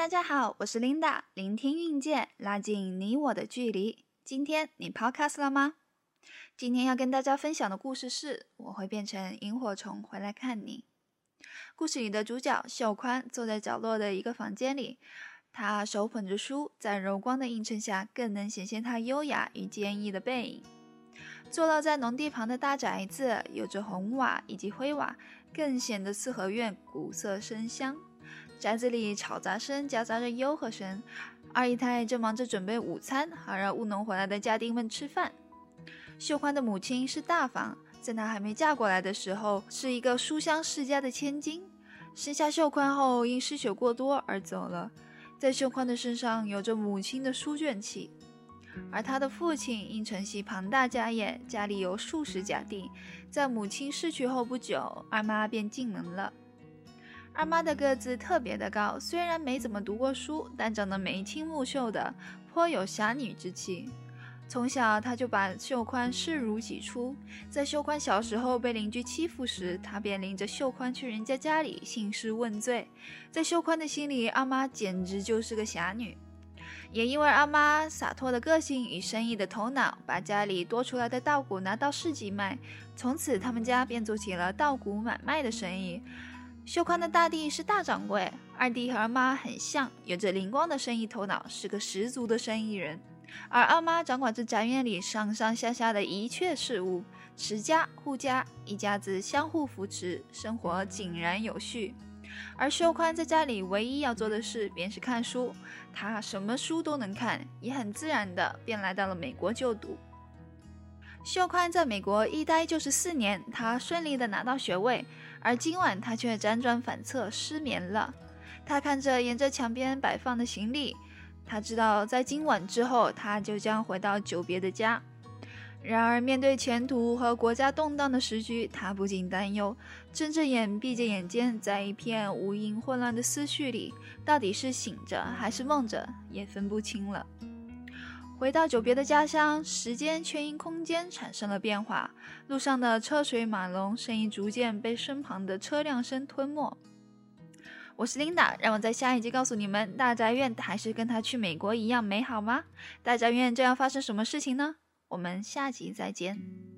大家好，我是 Linda，聆聽遇見，拉近你我的距離。今天你 Podcast 了嗎？今天要跟大家分享的故事是《我會變成螢火蟲回來看你》。故事裡的主角秀寬坐在角落的一個房間裡，他手捧着書，在柔光的映襯下，更能顯現他優雅與堅毅的背影。坐落在農地旁的大宅子，有着紅瓦以及灰瓦，更顯得四合院古色生香。宅子裡吵雜聲夾雜着吆喝聲，二姨太正忙着準備午餐，好讓務農回來的家丁們吃飯。秀寬的母親是大房，在她還沒嫁過來的時候，是一個書香世家的千金。生下秀寬後，因失血過多而走了。在秀寬的身上有着母親的書卷氣，而他的父親因承襲龐大家業，家裡有數十家丁。在母親逝去後不久，二媽便進門了。阿媽的個子特別的高，雖然沒怎麼讀過書，但長得眉清目秀的，頗有俠女之氣。從小，她就把秀寬視如己出。在秀寬小時候被鄰居欺負時，她便領着秀寬去人家家裡興師問罪。在秀寬的心裡，阿媽簡直就是個俠女。也因為阿媽灑脫的個性與生意的頭腦，把家裡多出來的稻穀拿到市集賣，從此他們家便做起了稻穀買賣的生意。秀寬的大弟是大掌櫃，二弟和二媽很像，有着靈光的生意頭腦，是個十足的生意人。而二媽掌管着宅院裡上上下下的一切事物，持家護家，一家子相互扶持，生活井然有序。而秀寬在家裡唯一要做的事便是看書，他什麼書都能看，也很自然地便來到了美國就讀。秀寬在美國一待就是四年，他順利地拿到學位。而今晚，他卻輾轉反側，失眠了。他看着沿着牆邊擺放的行李，他知道，在今晚之後，他就將回到久別的家。然而，面對前途和國家動盪的時局，他不禁擔憂。睜着眼，閉着眼睛，在一片無垠混亂的思緒裡，到底是醒着還是夢着，也分不清了。回到久別的家鄉，時間卻因空間產生了變化。路上的車水馬龍，聲音逐漸被身旁的車輛聲吞沒。我是琳達，讓我在下一集告訴你們，大宅院還是跟他去美國一樣美好嗎？大宅院將要發生什麼事情呢？我們下集再見。